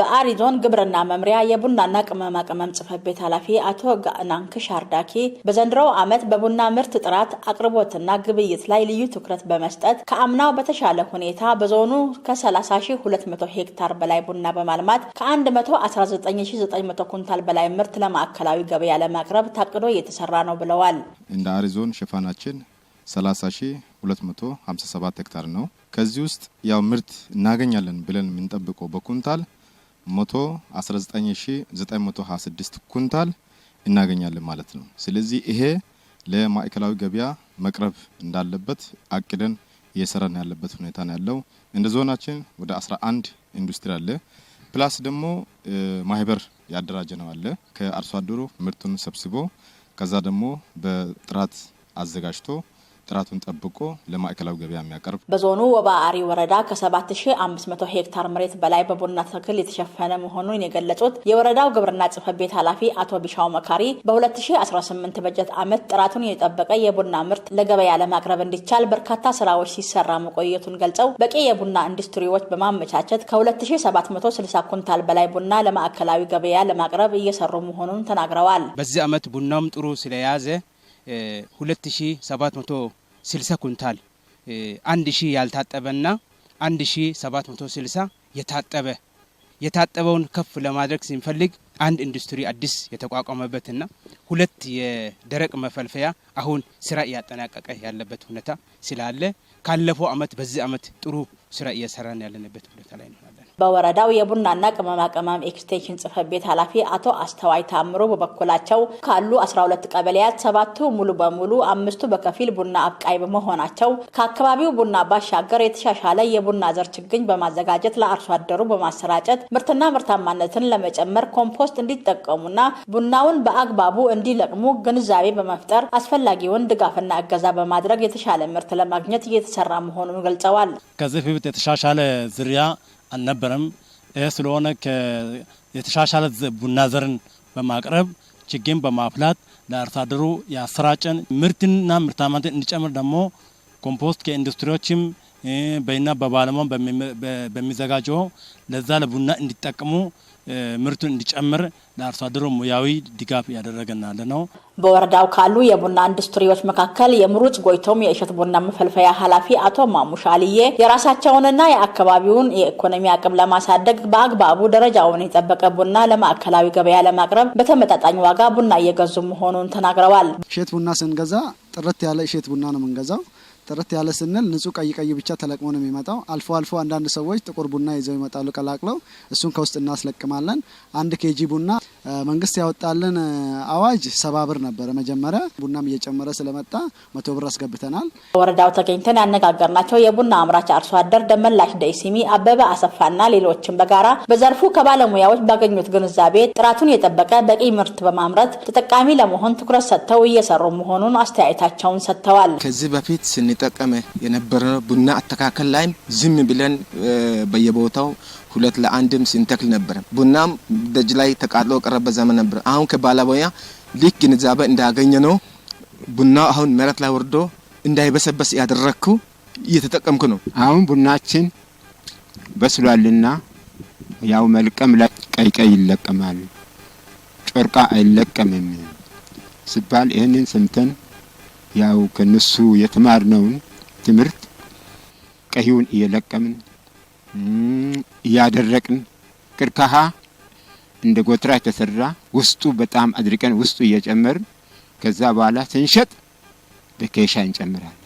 በአሪዞን ግብርና መምሪያ የቡናና ቅመማ ቅመም ጽፈት ቤት ኃላፊ አቶ ጋእናንክ ሻርዳኪ በዘንድሮው ዓመት በቡና ምርት ጥራት አቅርቦትና ግብይት ላይ ልዩ ትኩረት በመስጠት ከአምናው በተሻለ ሁኔታ በዞኑ ከ30200 ሄክታር በላይ ቡና በማልማት ከ119900 ኩንታል በላይ ምርት ለማዕከላዊ ገበያ ለማቅረብ ታቅዶ እየተሰራ ነው ብለዋል። እንደ አሪዞን ሽፋናችን 30257 ሄክታር ነው። ከዚህ ውስጥ ያው ምርት እናገኛለን ብለን የምንጠብቀው በኩንታል 119926 ኩንታል እናገኛለን ማለት ነው። ስለዚህ ይሄ ለማዕከላዊ ገበያ መቅረብ እንዳለበት አቅደን እየሰራን ያለበት ሁኔታ ነው ያለው። እንደ ዞናችን ወደ 11 ኢንዱስትሪ አለ። ፕላስ ደግሞ ማህበር ያደራጀ ነው አለ። ከአርሶ አደሩ ምርቱን ሰብስቦ ከዛ ደግሞ በጥራት አዘጋጅቶ ጥራቱን ጠብቆ ለማዕከላዊ ገበያ የሚያቀርብ በዞኑ ወባ አሪ ወረዳ ከ7500 ሄክታር መሬት በላይ በቡና ተክል የተሸፈነ መሆኑን የገለጹት የወረዳው ግብርና ጽህፈት ቤት ኃላፊ አቶ ቢሻው መካሪ በ2018 በጀት ዓመት ጥራቱን የጠበቀ የቡና ምርት ለገበያ ለማቅረብ እንዲቻል በርካታ ስራዎች ሲሰራ መቆየቱን ገልጸው በቂ የቡና ኢንዱስትሪዎች በማመቻቸት ከ2760 ኩንታል በላይ ቡና ለማዕከላዊ ገበያ ለማቅረብ እየሰሩ መሆኑን ተናግረዋል። በዚህ ዓመት ቡናም ጥሩ ስለያዘ 2760 ኩንታል 1000 ያልታጠበና 1760 የታጠበ የታጠበውን ከፍ ለማድረግ ሲንፈልግ አንድ ኢንዱስትሪ አዲስ የተቋቋመበትና ሁለት የደረቅ መፈልፈያ አሁን ስራ እያጠናቀቀ ያለበት ሁኔታ ስላለ ካለፈው አመት በዚህ አመት ጥሩ ስራ እየሰራን ያለንበት ሁኔታ ላይ ነው። በወረዳው የቡናና ቅመማ ቅመም ኤክስቴንሽን ጽህፈት ቤት ኃላፊ አቶ አስተዋይ ታምሮ በበኩላቸው ካሉ 12 ቀበሌያት ሰባቱ ሙሉ በሙሉ አምስቱ በከፊል ቡና አብቃይ በመሆናቸው ከአካባቢው ቡና ባሻገር የተሻሻለ የቡና ዘር ችግኝ በማዘጋጀት ለአርሶ አደሩ በማሰራጨት ምርትና ምርታማነትን ለመጨመር ኮምፖስት እንዲጠቀሙና ቡናውን በአግባቡ እንዲለቅሙ ግንዛቤ በመፍጠር አስፈላጊውን ድጋፍና እገዛ በማድረግ የተሻለ ምርት ለማግኘት እየተሰራ መሆኑን ገልጸዋል። ከዚህ የተሻሻለ ዝርያ አልነበረም። ይህ ስለሆነ የተሻሻለ ቡና ዘርን በማቅረብ ችግኝ በማፍላት ለአርሶ አደሩ ያሰራጨን ምርትና ምርታማነት እንዲጨምር ደግሞ ኮምፖስት ከኢንዱስትሪዎችም በእኛ በባለሙያው በሚዘጋጀው ለዛ ለቡና እንዲጠቅሙ ምርቱን እንዲጨምር ለአርሶ አደሩ ሙያዊ ድጋፍ እያደረገናለ ነው። በወረዳው ካሉ የቡና ኢንዱስትሪዎች መካከል የምሩጭ ጎይቶም የእሸት ቡና መፈልፈያ ኃላፊ አቶ ማሙሽ አልዬ የራሳቸውንና የአካባቢውን የኢኮኖሚ አቅም ለማሳደግ በአግባቡ ደረጃውን የጠበቀ ቡና ለማዕከላዊ ገበያ ለማቅረብ በተመጣጣኝ ዋጋ ቡና እየገዙ መሆኑን ተናግረዋል። እሸት ቡና ስንገዛ ጥርት ያለ እሸት ቡና ነው የምንገዛው። ጥርት ያለ ስንል ንጹህ ቀይ ቀይ ብቻ ተለቅሞ ነው የሚመጣው። አልፎ አልፎ አንዳንድ ሰዎች ጥቁር ቡና ይዘው ይመጣሉ ቀላቅለው፣ እሱን ከውስጥ እናስለቅማለን። አንድ ኬጂ ቡና መንግስት ያወጣልን አዋጅ ሰባ ብር ነበረ መጀመሪያ። ቡናም እየጨመረ ስለመጣ መቶ ብር አስገብተናል። ወረዳው ተገኝተን ያነጋገርናቸው የቡና አምራች አርሶ አደር ደመላሽ ደይሲሚ፣ አበበ አሰፋና ሌሎችም በጋራ በዘርፉ ከባለሙያዎች ባገኙት ግንዛቤ ጥራቱን የጠበቀ በቂ ምርት በማምረት ተጠቃሚ ለመሆን ትኩረት ሰጥተው እየሰሩ መሆኑን አስተያየታቸውን ሰጥተዋል። ከዚህ በፊት ስንጠቀም የነበረ ቡና አተካከል ላይም ዝም ብለን በየቦታው ሁለት ለአንድም ስንተክል ነበር። ቡናም ደጅ ላይ ተቃጥሎ ቀረበ ዘመን ነበር። አሁን ከባለሙያ ልክ ግንዛቤ እንዳገኘ ነው ቡና አሁን መሬት ላይ ወርዶ እንዳይበሰበስ ያደረግኩ እየተጠቀምኩ ነው። አሁን ቡናችን በስሏልና ያው መልቀም ላይ ቀይቀይ ይለቀማል፣ ጮርቃ አይለቀምም ሲባል ይህንን ሰምተን ያው ከነሱ የተማርነውን ትምህርት ቀይውን እየለቀምን እያደረቅን ቅርካሃ እንደ ጎተራ የተሰራ ውስጡ በጣም አድርቀን ውስጡ እየጨመርን ከዛ በኋላ ስንሸጥ በኬሻ እንጨምራለን።